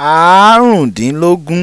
àrùndínlógún